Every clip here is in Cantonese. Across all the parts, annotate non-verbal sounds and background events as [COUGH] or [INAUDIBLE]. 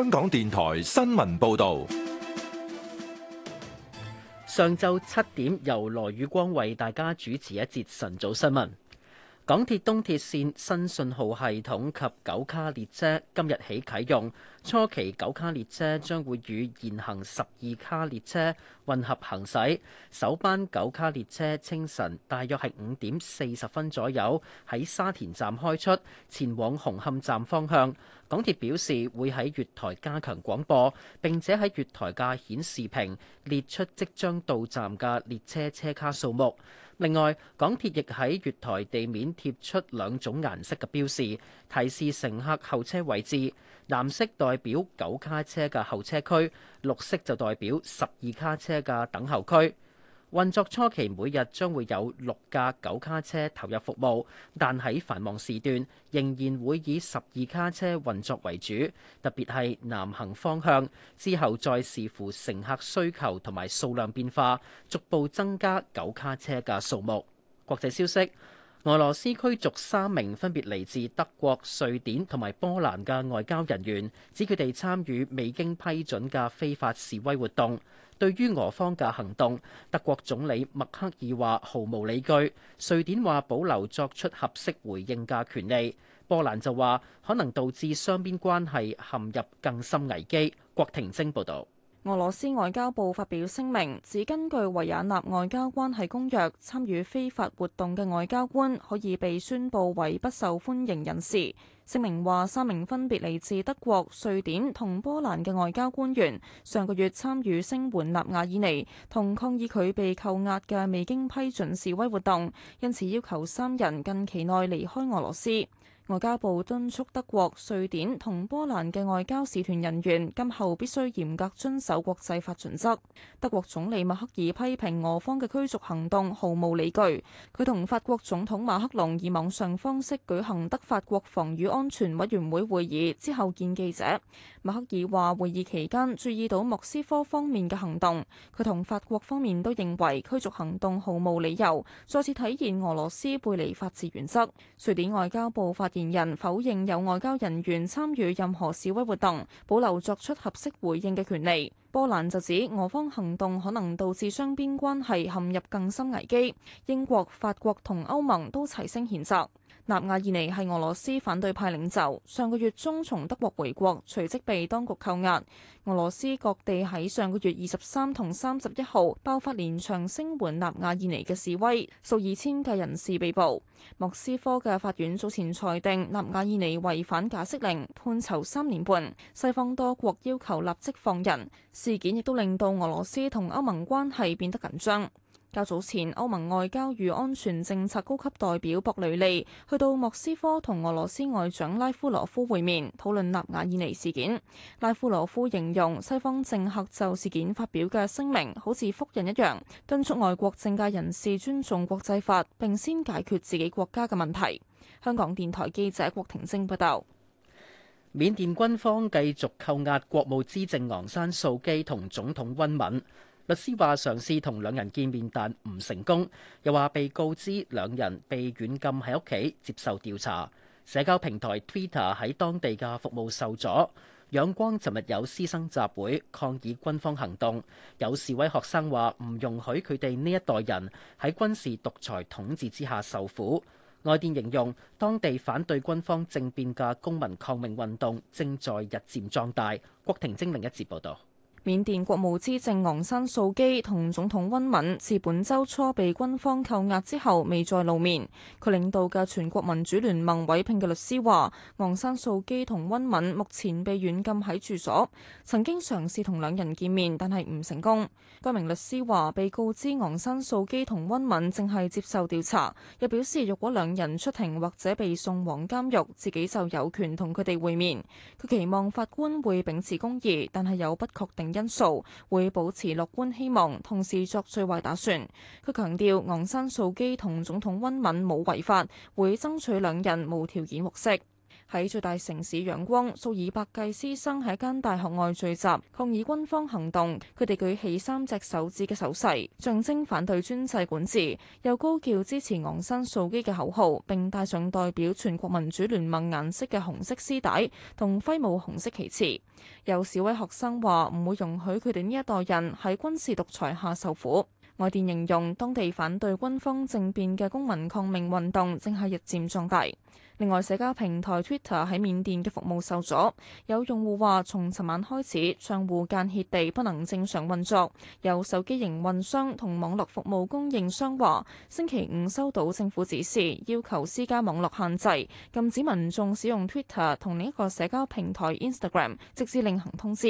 香港電台新聞報道：上晝七點，由羅宇光為大家主持一節晨早新聞。港鐵東鐵綫新信號系統及九卡列車今日起啟用，初期九卡列車將會與現行十二卡列車混合行駛。首班九卡列車清晨大約係五點四十分左右喺沙田站開出，前往紅磡站方向。港鐵表示會喺月台加強廣播，並且喺月台嘅顯示屏列出即將到站嘅列車車卡數目。另外，港鐵亦喺月台地面貼出兩種顏色嘅標示，提示乘客候車位置。藍色代表九卡車嘅候車區，綠色就代表十二卡車嘅等候區。運作初期，每日將會有六架九卡車投入服務，但喺繁忙時段仍然會以十二卡車運作為主，特別係南行方向。之後再視乎乘客需求同埋數量變化，逐步增加九卡車嘅數目。國際消息。俄羅斯驅逐三名分別嚟自德國、瑞典同埋波蘭嘅外交人員，指佢哋參與未經批准嘅非法示威活動。對於俄方嘅行動，德國總理默克爾話毫無理據，瑞典話保留作出合適回應嘅權利，波蘭就話可能導致雙邊關係陷入更深危機。郭婷晶報導。俄羅斯外交部發表聲明，指根據維也納外交關係公約，參與非法活動嘅外交官可以被宣布為不受歡迎人士。聲明話，三名分別嚟自德國、瑞典同波蘭嘅外交官員，上個月參與聲援納瓦爾尼同抗議佢被扣押嘅未經批准示威活動，因此要求三人近期內離開俄羅斯。外交部敦促德國、瑞典同波蘭嘅外交使團人員今後必須嚴格遵守國際法準則，德國總理默克爾批評俄方嘅驅逐行動毫無理據。佢同法國總統馬克龍以網上方式舉行德法國防與安全委員會會議之後見記者。默克爾話會議期間注意到莫斯科方面嘅行動，佢同法國方面都認為驅逐行動毫無理由，再次體現俄羅斯背離法治原則。瑞典外交部發言。言人否認有外交人員參與任何示威活動，保留作出合適回應嘅權利。波蘭就指俄方行動可能導致雙邊關係陷入更深危機，英國、法國同歐盟都齊聲譴責。納瓦爾尼係俄羅斯反對派領袖，上個月中從德國回國，隨即被當局扣押。俄羅斯各地喺上個月二十三同三十一號爆發連場聲援納瓦爾尼嘅示威，數以千計人士被捕。莫斯科嘅法院早前裁定納瓦爾尼違反假釋令，判囚三年半。西方多國要求立即放人。事件亦都令到俄羅斯同歐盟關係變得緊張。較早前，歐盟外交與安全政策高級代表，博雷利去到莫斯科同俄羅斯外長拉夫羅夫會面，討論納瓦爾尼事件。拉夫羅夫形容西方政客就事件發表嘅聲明好似複印一樣，敦促外國政界人士尊重國際法，並先解決自己國家嘅問題。香港電台記者郭婷晶報道。緬甸軍方繼續扣押國務資政昂山素基同總統溫敏。律師話嘗試同兩人見面，但唔成功。又話被告知兩人被軟禁喺屋企接受調查。社交平台 Twitter 喺當地嘅服務受阻。仰光尋日有師生集會抗議軍方行動，有示威學生話唔容許佢哋呢一代人喺軍事獨裁統治之下受苦。外電形容當地反對軍方政變嘅公民抗命運動正在日漸壯大。郭婷晶另一節報道。緬甸國務資政昂山素姬同總統温敏自本周初被軍方扣押之後未再露面。佢領導嘅全國民主聯盟委聘嘅律師話，昂山素姬同温敏目前被軟禁喺住所。曾經嘗試同兩人見面，但係唔成功。該名律師話，被告知昂山素姬同温敏正係接受調查，又表示若果兩人出庭或者被送往監獄，自己就有權同佢哋會面。佢期望法官會秉持公義，但係有不確定。因素會保持樂觀希望，同時作最壞打算。佢強調，昂山素姬同總統溫敏冇違法，會爭取兩人無條件獲釋。喺最大城市仰光，數以百計師生喺一間大學外聚集抗議軍方行動。佢哋舉起三隻手指嘅手勢，象徵反對專制管治，又高叫支持昂山素姬嘅口號，並戴上代表全國民主聯盟顏色嘅紅色絲帶，同揮舞紅色旗幟。有示威學生話：唔會容許佢哋呢一代人喺軍事獨裁下受苦。外電形容，當地反對軍方政變嘅公民抗命運動正係日漸壯大。另外，社交平台 Twitter 喺緬甸嘅服務受阻，有用戶話從尋晚開始，帳戶間歇地不能正常運作。有手機營運商同網絡服務供應商話星期五收到政府指示，要求施加網絡限制，禁止民眾使用 Twitter 同另一個社交平台 Instagram，直至另行通知。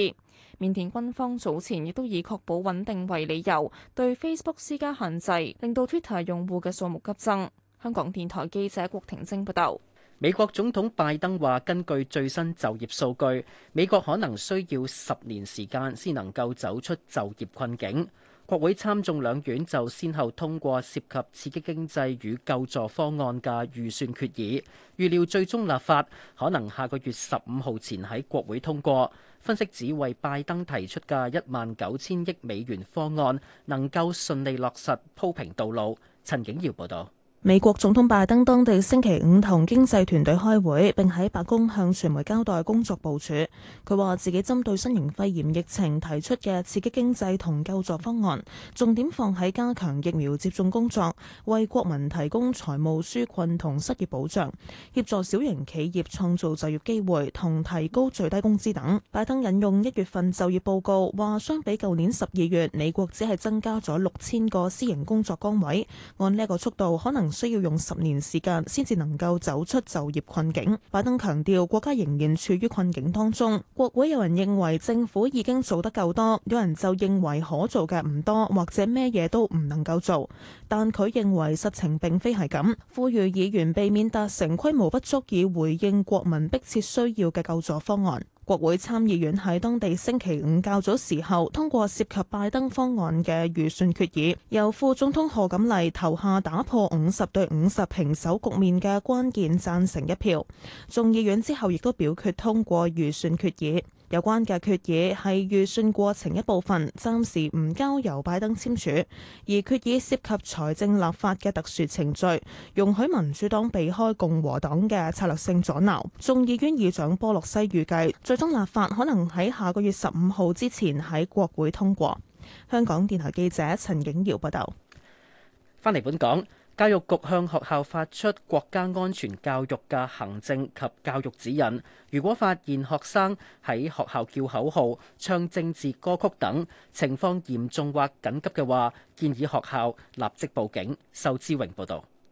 緬甸軍方早前亦都以確保穩定為理由，對 Facebook 施加限制，令到 Twitter 用戶嘅數目急增。香港電台記者郭婷晶報道。美國總統拜登話，根據最新就業數據，美國可能需要十年時間先能夠走出就業困境。國會參眾兩院就先後通過涉及刺激經濟與救助方案嘅預算決議，預料最終立法可能下個月十五號前喺國會通過。分析指，為拜登提出嘅一萬九千億美元方案能夠順利落實鋪平道路。陳景堯報道。美國總統拜登當地星期五同經濟團隊開會，並喺白宮向傳媒交代工作部署。佢話自己針對新型肺炎疫情提出嘅刺激經濟同救助方案，重點放喺加強疫苗接種工作，為國民提供財務紓困同失業保障，協助小型企業創造就業機會同提高最低工資等。拜登引用一月份就業報告，話相比舊年十二月，美國只係增加咗六千個私營工作崗位，按呢個速度可能，需要用十年時間先至能夠走出就業困境。拜登強調，國家仍然處於困境當中。國會有人認為政府已經做得夠多，有人就認為可做嘅唔多，或者咩嘢都唔能夠做。但佢認為實情並非係咁，呼籲議員避免達成規模不足以回應國民迫切需要嘅救助方案。國會參議院喺當地星期五較早時候通過涉及拜登方案嘅預算決議，由副總統賀錦麗投下打破五十對五十平手局面嘅關鍵贊成一票。眾議院之後亦都表決通過預算決議。有關嘅決議係預算過程一部分，暫時唔交由拜登簽署，而決議涉及財政立法嘅特殊程序，容許民主黨避開共和黨嘅策略性阻撓。眾議院議長波洛西預計最終立法可能喺下個月十五號之前喺國會通過。香港電台記者陳景堯報道。翻嚟本港。教育局向學校發出國家安全教育嘅行政及教育指引。如果發現學生喺學校叫口號、唱政治歌曲等情況嚴重或緊急嘅話，建議學校立即報警。仇之榮報道。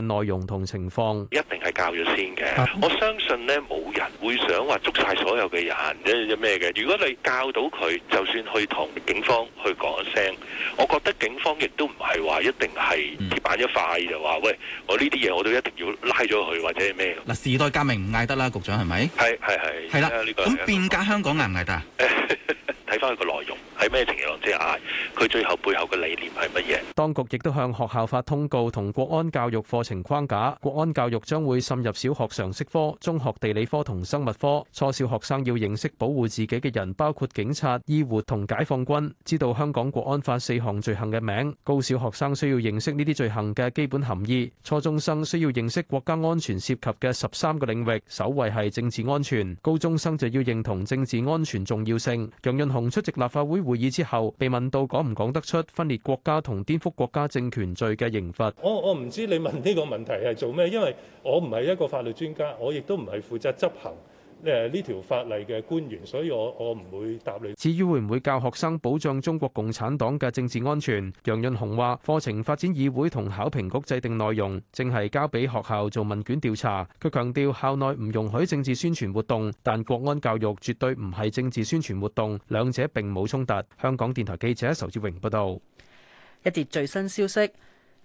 內容同情況一定係教咗先嘅。啊、我相信呢，冇人會想話捉晒所有嘅人，咩嘅？如果你教到佢，就算去同警方去講一聲，我覺得警方亦都唔係話一定係鐵板一塊就話，喂，我呢啲嘢，我都一定要拉咗佢或者係咩？嗱，時代革命唔嗌得啦，局長係咪？係係係，係啦，咁變革香港嗌唔嗌得？ [LAUGHS] 睇翻佢個內容係咩程度，即係嗌佢最後背後嘅理念係乜嘢？當局亦都向學校發通告同國安教育課程框架，國安教育將會滲入小學常識科、中學地理科同生物科。初小學生要認識保護自己嘅人，包括警察、醫護同解放軍，知道香港國安法四項罪行嘅名。高小學生需要認識呢啲罪行嘅基本含義。初中生需要認識國家安全涉及嘅十三個領域，首位係政治安全。高中生就要認同政治安全重要性。養因學。同出席立法會會議之後，被問到講唔講得出分裂國家同顛覆國家政權罪嘅刑罰，我我唔知你問呢個問題係做咩，因為我唔係一個法律專家，我亦都唔係負責執行。誒呢條法例嘅官員，所以我我唔會答你。至於會唔會教學生保障中國共產黨嘅政治安全，楊潤雄話課程發展議會同考評局制定內容，正係交俾學校做問卷調查。佢強調校內唔容許政治宣傳活動，但國安教育絕對唔係政治宣傳活動，兩者並冇衝突。香港電台記者仇志榮報導。一節最新消息。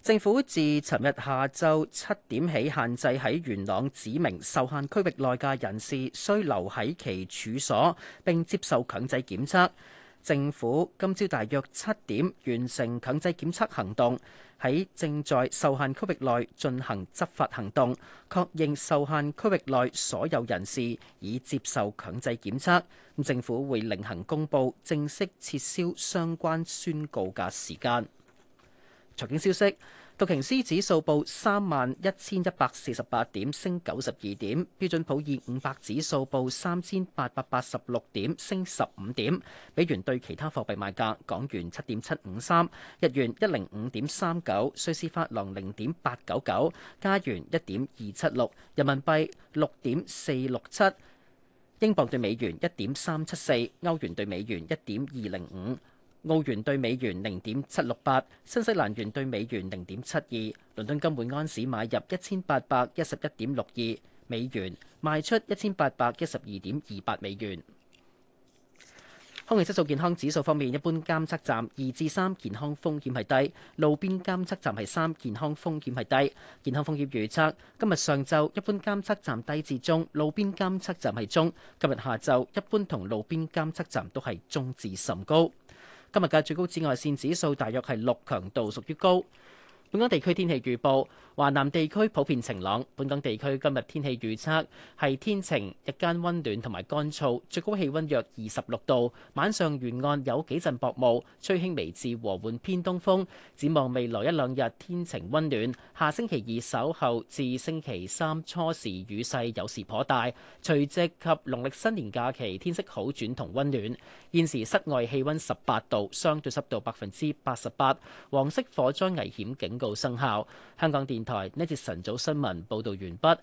政府自尋日下晝七點起，限制喺元朗指明受限區域內嘅人士，需留喺其處所並接受強制檢測。政府今朝大約七點完成強制檢測行動，喺正在受限區域內進行執法行動，確認受限區域內所有人士已接受強制檢測。政府會另行公佈正式撤銷相關宣告嘅時間。財經消息：道瓊斯指數報三萬一千一百四十八點，升九十二點；標準普爾五百指數報三千八百八十六點，升十五點。美元對其他貨幣賣價：港元七點七五三，日元一零五點三九，瑞士法郎零點八九九，加元一點二七六，人民幣六點四六七，英鎊對美元一點三七四，歐元對美元一點二零五。澳元兌美元零點七六八，新西蘭元兌美元零點七二，倫敦金本安士買入一千八百一十一點六二美元，賣出一千八百一十二點二八美元。空氣質素健康指數方面，一般監測站二至三，健康風險係低；路邊監測站係三，健康風險係低。健康風險預測今日上晝一般監測站低至中，路邊監測站係中；今日下晝一般同路邊監測站都係中至甚高。今日嘅最高紫外線指數大約係六，強度屬於高。本港地區天氣預報，華南地區普遍晴朗。本港地區今日天氣預測係天晴，日間温暖同埋乾燥，最高氣温約二十六度。晚上沿岸有幾陣薄霧，吹輕微至和緩偏東風。展望未來一兩日天晴温暖，下星期二稍後至星期三初時雨勢有時頗大。除夕及農曆新年假期天色好轉同温暖。現時室外氣温十八度，相對濕度百分之八十八，黃色火災危險警告。告生效。香港電台呢節晨早新聞報道完畢。